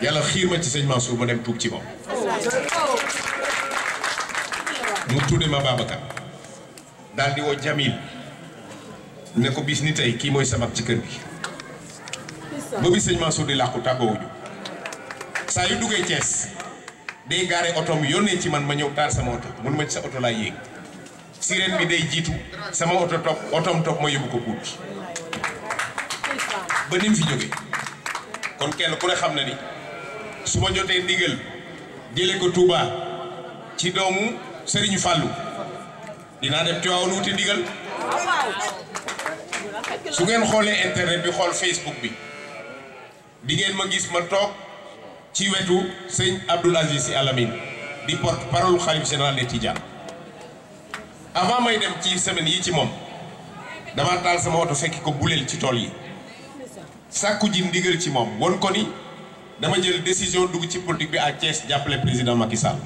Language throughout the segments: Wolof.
yàlla xiir ma ci sëñ Mansour ma dem tuub ci moom mu tudde ma Babacar daal di woo Jamil ne ko biis ni tey kii mooy sabab ci kër gi ba bi sëñ Mansour di làqu tàggoowuñu saa yu duggee Thiès day gaare otoom yónnee ci man ma ñëw taal sama oto mun ci sa oto laa yéeg sirène bi day jiitu sama oto topp otoom topp ma yóbbu ko puut ba ni fi jógee kon kenn ku ne xam na ni su ma jotee ndigal jële ko Touba ci doomu Serigne fàllu dinaa dem Tivaouane wuti ndigal su ngeen xoolee internet bi xool Facebook bi di ma gis ma toog ci wetu sëñ Abdoul Aziz Sy Al Amine di porte parole xalif général des Tidianes avant may dem ci semaine yi ci moom dama taal sama oto fekki ko buleel ci tool yi sàkku ji ndigal ci moom won ko ni dama jël décision dugg ci politique bi à Thiès jàppale président Macky Sall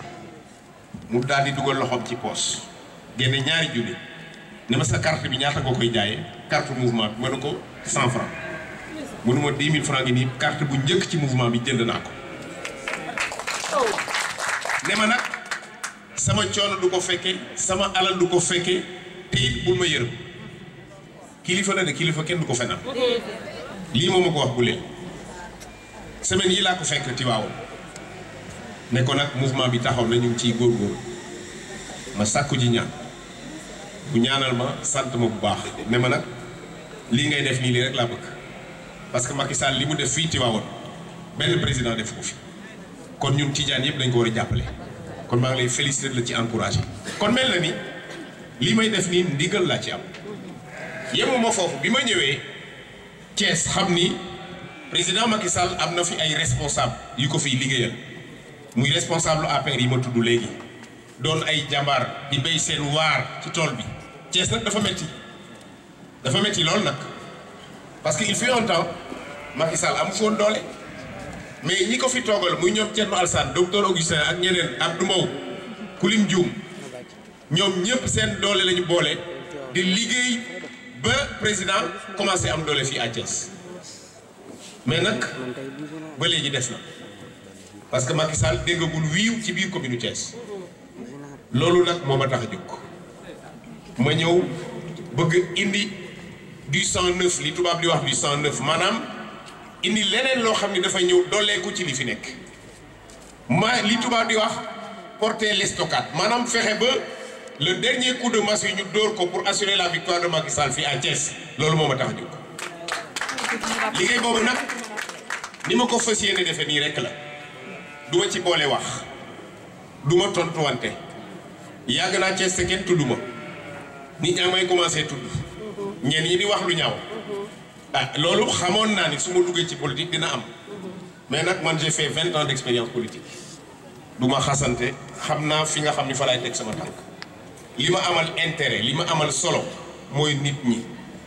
mu daal di dugal loxoom ci poos génne ñaari junni ne ma sa carte bi ñaata nga koy jaayee carte mouvement bi mënu ko 100 francs mënu ma 10 000 francs gi nii bu njëkk ci mouvement bi jënd naa ko ne ma nag sama coono du ko fekke sama alal du ko fekke te it bul ma yërëm kilifa la de kilifa kenn du ko fenal mm-hmm. lii moom ma wax bu leen semaine yi laa ko fekk Tivaouane ne ko nag mouvement bi taxaw na ñu ngi ciy góorgóorlu ma sàkku ji ñaan bu ñaanal ma sant ma bu baax ne ma nag lii ngay def nii lii rek laa bëgg parce que Macky Sall li mu def fii Tivaouane benn président def ko fi kon ñun Tijaan yëpp dañ ko war a jàppale kon maa ngi lay féliciter la ci encouragé kon mel na ni li may def nii ndigal laa ci am yemuma foofu bi ma ñëwee Thiès xam ni. président Macky am na fi ay responsable yu ko fiy liggéeyal muy responsable APR yi ma tudd léegi doon ay jàmbaar di béy seen waar ci tool bi Thiès nag dafa métti dafa métti lool nag parce que il fut un temps Macky Sall amu foon doole mais ñi ko fi toogal muy ñoom Thierno Alassane docteur Augustin ak ñeneen Abdou Mbow Kulim Dioum ñoom ñëpp seen doole lañu boole di liggéey ba président commencé am doole fii à Thiès mais nag ba léegi des na parce que Macky déggagul wiiw ci biir commune Thiès loolu nag moom ma tax a jóg ma ñëw bëgg indi du 109 li tubaab di wax du 109 maanaam indi leneen loo xam ne dafa ñëw dooleeku ci li fi nekk ma li tubaab di wax porter l'estocade maanaam fexe ba le dernier coup de masse yi ñu dóor ko pour assurer la victoire de Macky fi fii à Thiès loolu moo ma tax jóg liggéey boobu nag. li ma ko fas yéene defee nii rekk la du ci boole wax duma ma tontuwante yàgg naa Cees te kenn tudd ma nit ñaa may commencé tudd ñenn ñi di wax lu ñaaw ah loolu xamoon naa ni su ma duggee ci politique dina am mais nag man j'ai fait vingt ans d'expérience politique du ma xasante xam naa fi nga xam ni fa teg sama tànk li ma amal intérêt li ma amal solo mooy nit ñi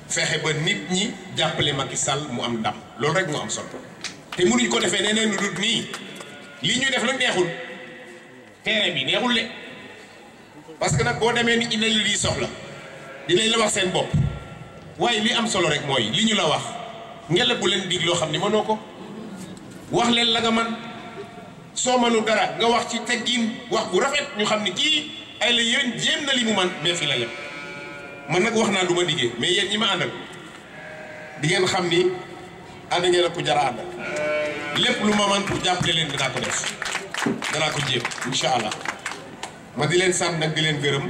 fexe ba nit ñi jàppale ma Macky Sall mu am ndam loolu rek mu am solo. te mu mënuñ ko defee neneen lu dut nii lii ñu def nag neexul terrain bi neexul le parce que nag boo demee nit ñi ne lii soxla dinañ la wax seen bopp waaye li am solo rek mooy li ñu la wax ngela bu leen dig loo xam ni mënoo ko wax leen la nga man soo mënu dara nga wax ci teggin wax bu rafet ñu xam ni kii ay la yéen jéem na li mu man mais fi la yem man nag wax naa du ma diggee mais yéen ñi ma àndal di ngeen xam ni ànd ngeen ak ku jara àndal lépp lu ma man pour jàppale leen danaa ko def danaa ko jéem incha allah ma di leen sant nag di leen gërëm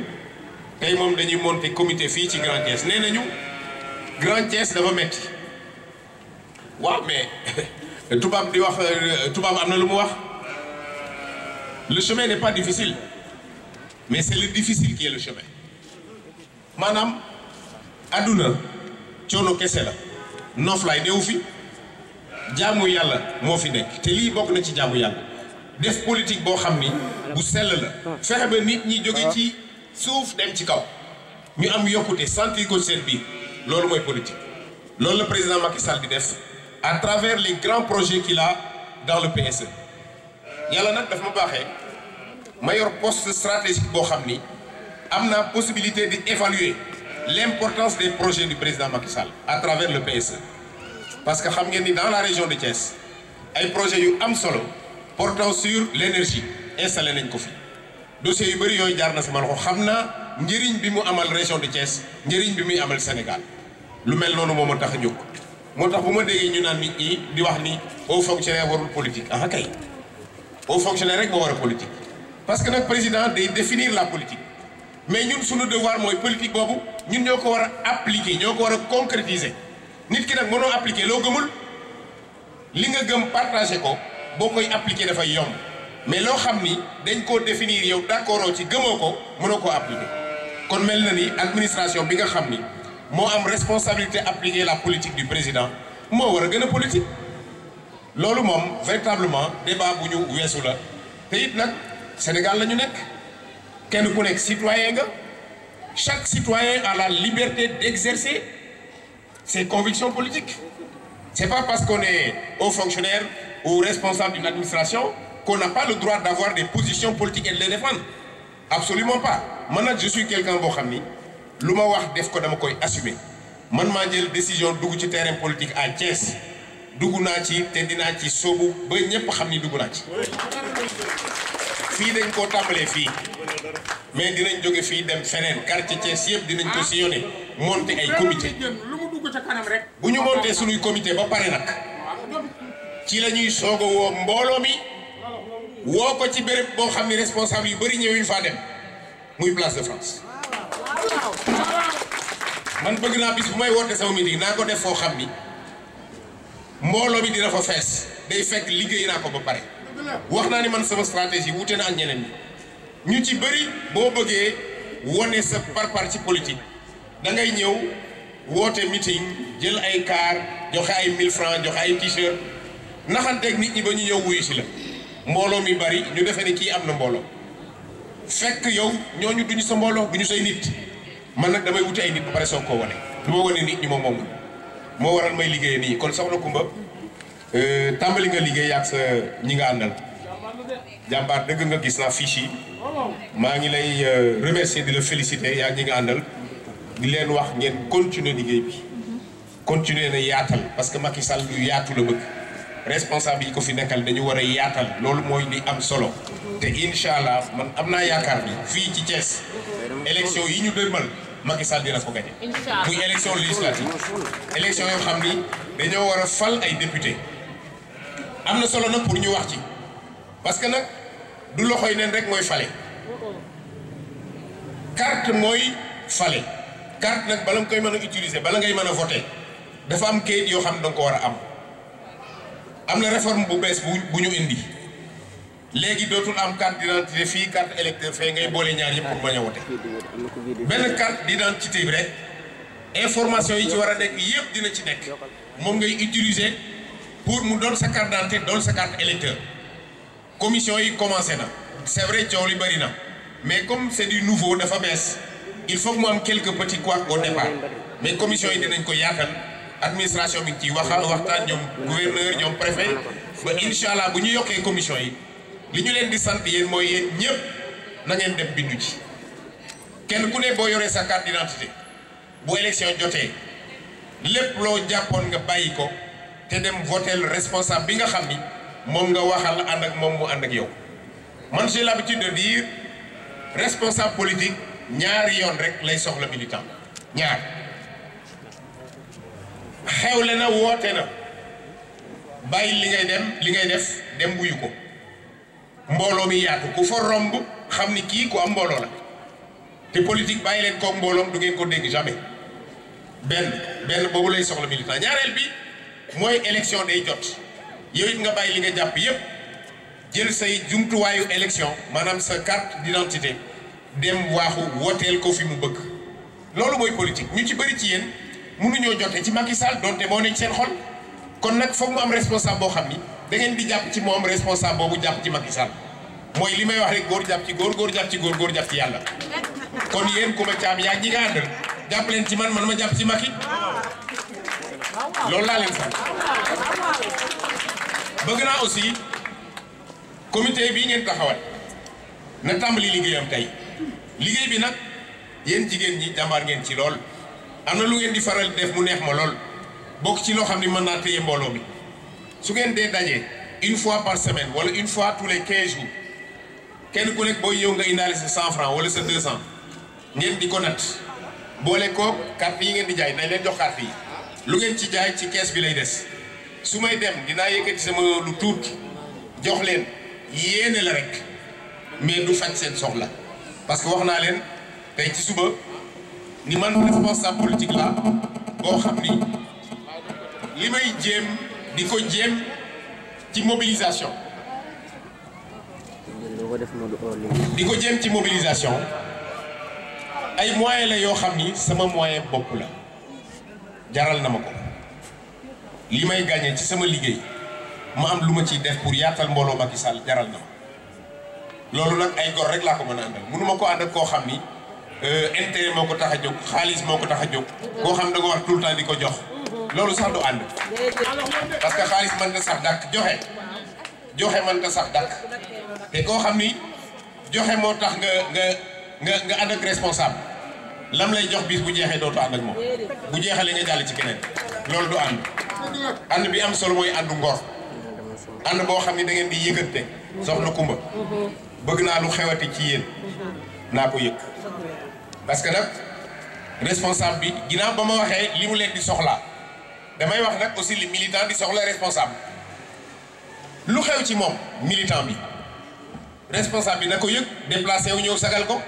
tey moom dañuy monter comité fii ci Grand Thiès nee nañu Grand Thiès dafa metti waaw mais tubaab di wax euh, tubaab am na lu mu wax le chemin n'est pas difficile mais c'est le difficile qui est le chemin maanaam adduna coono kese la noof laay néew fi jaamu yàlla moo fi nekk te lii bokk na ci jaamu yàlla def politique boo xam ni bu sell la fexe ba nit ñi jóge ci suuf dem ci kaw ñu am yokkute santi ko seen biir loolu mooy politique loolu la président Macky Sall di def à travers les grands projets qu'il a dans le PSE yàlla nag daf ma baaxee ma yor poste stratégique boo xam ni am naa possibilité d'évaluer l'importance des projets du président Macky Sall à travers le PSE parce que xam ngeen ni dans la région de Thiès ay projet yu am solo portant sur l'énergie installé nañ ko fi dossier yu bëri yooyu jaar na sama ko xam naa njëriñ bi mu amal région de Thiès njëriñ bi muy amal Sénégal lu mel noonu moom ma tax a jóg moo tax bu ma déggee ñu naan nit ñi di wax ni o fonctionnaire warul politique ah kay haut fonctionnaire rek moo war a politique. parce que nag président day définir la politique mais ñun suñu devoir mooy politique boobu ñun ñoo ko war a appliquer ñoo ko war a concrétiser. nit ki nag mënoo appliquer loo gëmul li nga gëm partagé ko boo koy appliquer dafay yomb mais loo xam ni dañ koo définir yow d'accord ci gëmoo ko mënoo ko appliquer kon mel na ni administration bi nga xam ni moo am responsabilité appliquer la politique du président moo war a gën a politique loolu moom véritablement débat bu ñu weesu la te nag Sénégal la ñu nekk kenn ku nekk citoyen nga chaque citoyen a la liberté d'exercer ses convictions politiques. C'est pas parce qu'on est haut fonctionnaire ou responsable d'une administration qu'on n'a pas le droit d'avoir des positions politiques et de les défendre. Absolument pas. man nag je suis quelqu'un boo xam ni lu ma wax def ko dama koy assumer man maa jël décision dugg ci terrain politique à Thiès dugg naa ci te dinaa ci sóobu ba ñëpp xam ni duggu naa ci. fii dañ koo tàmbalee fii mais dinañ jóge fii dem feneen quartier Thiès yëpp dinañ ko sillonné ca rek. bu ñu monté suñuy comité ba pare nag ci la ñuy soog a woo mbooloo mi woo ko ci béréb boo xam ne responsable yu bëri ñëwuñ faa dem muy place de France. man bëgg naa bis bu may woote sama meeting naa ko def foo xam ni mbooloo mi dina fa fees day fekk liggéey naa ko ba pare. wax naa ni man sama stratégie wute na ñeneen ñu ci bëri boo bëggee wone sa parpar ci politique da ñëw. woote meeting jël ay kaar joxe ay 1000 francs joxe ay t-shirt naxanteeg nit ñi ba ñu ñëw wuyu si la mbooloo mi bari ñu defee ni ci am na mbooloo fekk yow ñu duñu sa mbooloo bu ñu say nit man nag damay wuti ay nit ba pare soog koo du ma wane nit ñi ma moom moo waral may liggéeyee nii kon soxna Kumba euh, tàmbali nga liggéey yaag sa ñi nga àndal jàmbaar dëgg nga gis naa fiche maa ngi lay euh, remercier di la féliciter yaag ñi nga àndal. di leen wax ngeen continuer liggéey bi continuer na yaatal parce que Macky Sall lu yaatu la bëgg responsable yi ko fi nekkal dañu war a yaatal loolu mooy li am solo te incha allah man am naa yaakaar ni fii ci Thiès élection yi ñu dëmal Macky Sall dina ko gañe muy élection législative élection yoo xam ni dañoo war a fal ay député am na solo nag pour ñu wax ci parce que nag du loxoy neen rek mooy fale carte mooy fale carte nag bala nga koy mën a utiliser bala ngay mën a voter dafa am kayit yoo xam ne danga ko war a am am na réforme bu bees bu bu ñu indi léegi dootul am carte d'identité fii carte électeur fee ngay boole ñaar yëpp pour mën a voter benn carte d'identité bi rek information yi ci war a nekk yëpp dina ci nekk moom ngay utiliser pour mu doon sa carte d'identité doon sa carte électeur commission yi commencé na c'est vrai coow li bëri na mais comme c'est du nouveau dafa bees il faut que mu am quelques petits couacs au départ mais commission yi dinañ ko yaatal administration bi ci waxa waxtaan ñoom gouverneur ñoom préfet ba incha allah bu ñu yokkee commission yi li ñu leen di sant yéen mooy yéen ñëpp na ngeen dem bindu ji kenn ku ne boo yoree sa carte d'identité bu élection jotee lépp loo jàppoon nga bàyyi ko te dem votel responsable bi nga xam ni moom nga waxal ànd ak moom mu ànd ak yow man j'ai l'habitude de dire responsable politique ñaari yoon rek lay soxla militant ñaar xewle na woote na bàyyi li ngay dem li ngay def dem wuyu ko mbooloo mi yaatu ku fa romb xam ni kii ku am mbooloo la te politique bàyyi leen koog mbooloom du ngeen ko dégg jamais benn benn boobu lay soxla militant ñaareel bi mooy élection day jot yow nga bàyyi li nga jàpp yëpp jël say jumtuwaayu élection maanaam sa carte d'identité dem waaxu wooteel ko fi mu bëgg loolu mooy politique ñu ci bëri ci yéen mënuñoo jote ci mag i Sall donte moo nekk seen xol kon nag foog mu am responsable boo xam ni da ngeen di jàpp ci moom responsable boobu jàpp ci Macky saal mooy li may wax rek góor jàpp ci góor góor jàpp ci góor góor jàpp ci yàlla kon yéen ku ma caam yaa ñi nga àndal jàpp leen ci man man ma jàpp ci Macky loolu laa leen sant bëgg naa aussi comité bii ngeen taxawal na tàmbali liggéeyam tey. liggéey bi nag yéen jigéen ñi jàmbaar ngeen ci lool am na lu ngeen di faral di def mu neex ma lool bokk ci loo xam ne mën naa téye mbooloo bi su ngeen dee daje une fois par semaine wala une fois tous les quinze kenn ku nekk boo ñëw nga indaale sa cent franc wala sa deux cent ngeen di ko nat boole koog carte yi ngeen di jaay nañ leen jox carte yi lu ngeen ci jaay ci kees bi lay des su may dem dinaa yëkkati sama lu tuut jox leen yéene la rek mais du faj seen soxla. parce que wax naa leen tey ci suba ni man responsable politique la boo xam ni li may jéem di ko jéem ci mobilisation. di ko jéem ci mobilisation ay moyens la yoo xam ni sama moyen bopp la jaral na ma ko li may gaañee ci sama liggéey ma am lu ma ciy def pour yaatal mbooloo Macky Sall jaral na ma. loolu nag ay gor rek laa ko mën a àndal mënuma ko ànd ak koo xam ni intérêt euh, moo ko tax a jóg xaalis moo ko tax a jóg koo xam da nga wax tout le temps di ko jox loolu sax du ànd parce que xaalis mën na sax dàkk joxe joxe mën na sax dàq te koo xam ni joxe moo tax nga nga nga nga ànd ak responsable lam lay jox bis bu jeexee dootu ànd ak moom bu jeexalee nga jàll ci keneen loolu du ànd ànd bi am solo mooy àndu ngor ànd boo xam ni da ngeen di soo soxna Kumba bëgg naa lu xewati ci yéen mhm. naa ko yëg parce que nag responsable bi ginnaaw ba ma waxee li mu leen di soxlaa damay wax nag aussi li militant di soxla responsable lu xew ci moom militant bi responsable bi na ko yëg déplacé wu ñëw sagal ko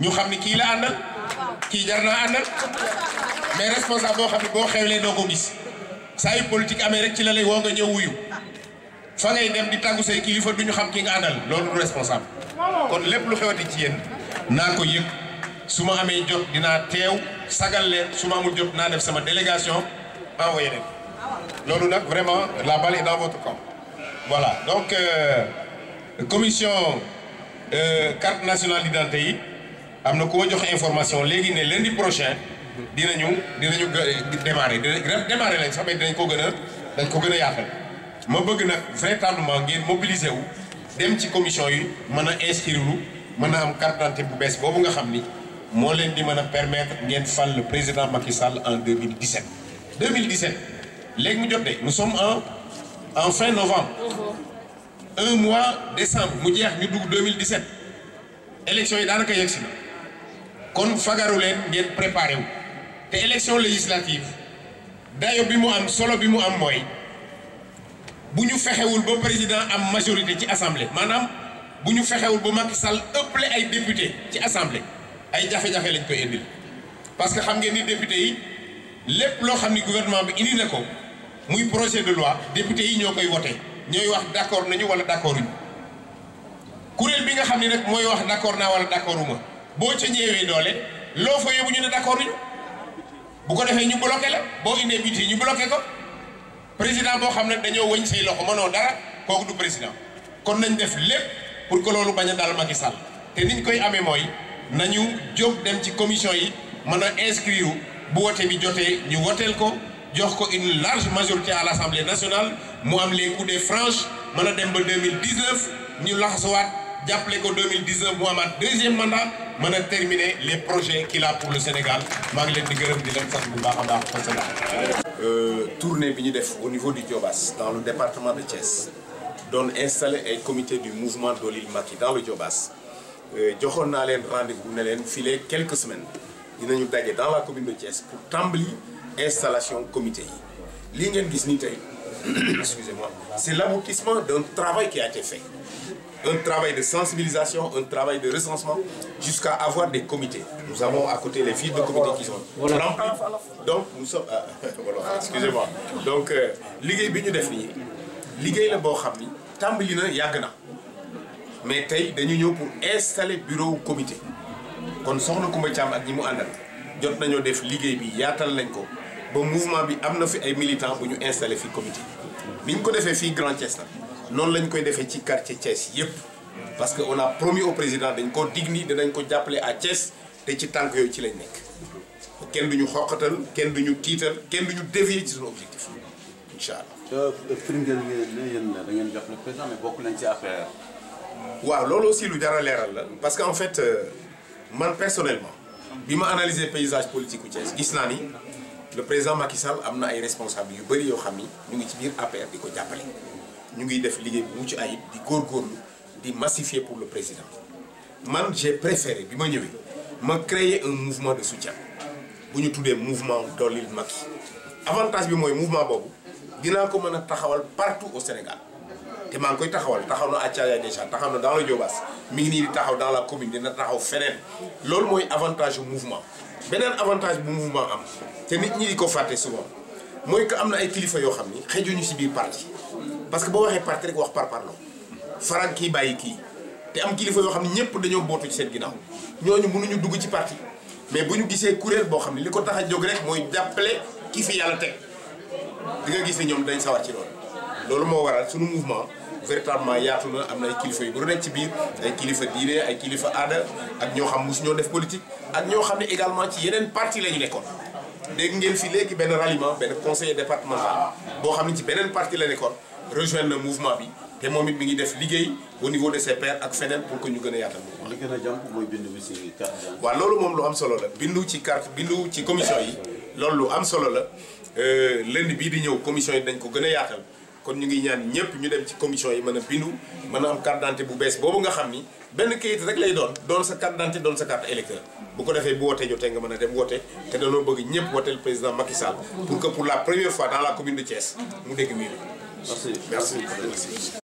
ñu xam ni kii la àndal kii jar naa àndal mais responsable boo xam ne boo xewlee doo ko gis saa yu politique amee rek ci la lay woo nga ñëw wuyu fa ngay dem di tàggu say kilifa ñu xam ki nga àndal loolu du responsable kon lépp lu xewati ci yéen naa ko yëg su ma amee jot dinaa teew sagal leen su ma amul jot naa def sama délégation envoyé leen vraiment la balle est dans votre donc euh, commission euh, carte yi am na koo jox information léegi ne leen lundi prochain dinañu dinañu démarrer démarrer lañ sax mais dinañ ko gën a dañ ko gën a yaatal ma bëgg na véritablement ngeen mobiliser wu dem ci commission yi mën a inscrire lu mën a am carte d'identité bu bees boobu nga xam ni moo leen di mën a permettre ngeen fal le président Macky Sall en 2017. 2017 léegi mu jot de nous sommes en en fin novembre uh-huh. un mois décembre mu jeex ñu dugg 2017 élection yi daanaka yegg si na kon fagaru ngeen préparé wu te élection législative dayo bi mu am solo bi mu am mooy. bu ñu fexewul ba président am majorité ci assemblée maanaam bu ñu fexewul ba sal ëpp ëpple ay député ci assemblée ay jafe-jafe lañ koy indil parce que xam ngeen ni député yi lépp loo xam ni gouvernement bi indi na ko muy projet de loi député yi ñoo koy voté ñooy wax d'accord nañu wala d'accord uñu kuréel bi nga xam ni rek mooy wax d'accord naa wala d'accord uma boo ca ñëwee doole loo fa yóbbu ñu ne d'accord uñu bu ko defee ñu bloqué la boo indee biti ñu bloqué président boo xam ne dañoo wëñ say loxo mënoo dara kooku du président kon nañ def lépp pour que loolu bañ a dal Macky Sall te niñ koy amee mooy nañu jóg dem ci commission yi mën a inscrire bu wote bi jotee ñu woteel ko jox ko une large majorité à l' assemblée nationale mu am les de franches mën a dem ba 2019 ñu laxasuwaat jàppale ko 2019 mu amaat deuxième mandat mën a terminer les projet qu'il a pour le Sénégal maa ngi leen di gërëm di leen sant bu baax a baax Euh, tournée bi ñu def au niveau du Diobass dans le département de Thiès doon installé ay comité du mouvement Dolil Macky dans le Diobass euh, joxoon naa leen rendez-vous ne leen filee quelques semaines dinañu daje dans la commune de Thiès pour tàmbali installation comité yi lii ngeen gis nii tey excusez-moi c'est l'aboutissement d'un travail qui a été fait un travail de sensibilisation, un travail de recensement, jusqu'à avoir des comités. Nous avons à côté les filles de comités qui sont voilà. remplis. Donc, nous sommes... Ah, voilà, Donc, euh, liggéey bi ñu def nii liggéey la boo xam ni tàmbali na yàgg na mais tey dañu ñëw pour installer bureau comité kon soxna Koumba Thiam ak ñi mu àndal jot nañoo def liggéey bi yaatal nañ ko ba mouvement bi am na fi ay militants bu ñu installé fi comité bi ñu ko defee fii Grand Thiès noonu lañ koy defee ci quartier Thiès yépp parce que on a promis au président dañ koo dig ni danañ ko jàppale à Thiès te ci tànk yooyu ci lañ nekk kenn duñu xoqatal kenn bi ñu tiital kenn bi ñu dévier ci suñu objectif incha allah. Euh, euh, firndeel ngeen ne yéen da ngeen jàppale président mais bokk nañ ci affaire. waaw loolu aussi lu jar leeral la parce que en fait euh, man personnellement bi ma analyser paysage politique u Thiès gis naa ni le président Macky Sall am na ay responsables yu bëri yoo xam ni ñu ngi ci biir APR di ko jàppale. ñu ngi def liggéey bu mucc ayib di góorgóorlu di massifier pour le président man j'ai préféré bi ma ñëwee ma créer un mouvement de soutien bu ñu tuddee mouvement dollil Macky avantage bi mooy mouvement boobu dinaa ko mën a taxawal partout au Sénégal te maa ngi koy taxawal taxaw na à Thiaroye déjà taxaw na dans la Diobass mi ngi nii di taxaw dans la commune dina taxaw feneen loolu mooy avantage bu mouvement beneen avantage bu mouvement am te nit ñi ko fàtte souvent mooy que am na ay kilifa yoo xam ni xëjuñu ci biir parti parce que boo waxee parti rek wax par parloo faral kii bàyyi kii te am kilifa yoo xam ne ñëpp dañoo bootu ci seen ginnaaw ñooñu mënuñu dugg ci parti mais bu ñu gisee kuréel boo xam ne li ko tax a jóg rek mooy jàppale ki fi yàlla teg di nga gis ne ñoom dañ sawar ci loolu. loolu moo waral suñu mouvement véritablement yaatu na am na ay kilifa yu bëri nekk ci biir ay kilifa diine ay kilifa aada ak ñoo xam mosu ñoo def politique ak ñoo xam ne également ci yeneen parti la ñu nekkoon. dégg ngeen fi léegi benn ralliement benn conseiller départemental boo xam ne ci beneen parti la nekkoon. rejoindre na mouvement bi te moom it mi ngi def liggéey au de ses pairs ak feneen pour que ñu gën a yaatal mouvement li gën a jàmp mooy bindu bi ci loolu moom lu am solo la bindu ci carte bindu ci commission yi loolu lu am solo la euh, lundi bii di ñëw commission yi dañ ko gën a yaatal kon ñu ngi ñaan ñëpp ñu dem ci commission yi mën a bindu mën a am carte bu bees boobu nga xam ni benn kayit rek lay doon doon sa carte doon sa carte électeur bu ko defee bu wootee jotee nga mën a dem woote te danoo bëgg ñëpp wooteel président Macky Sall pour que pour la première fois Merci. Merci. Merci.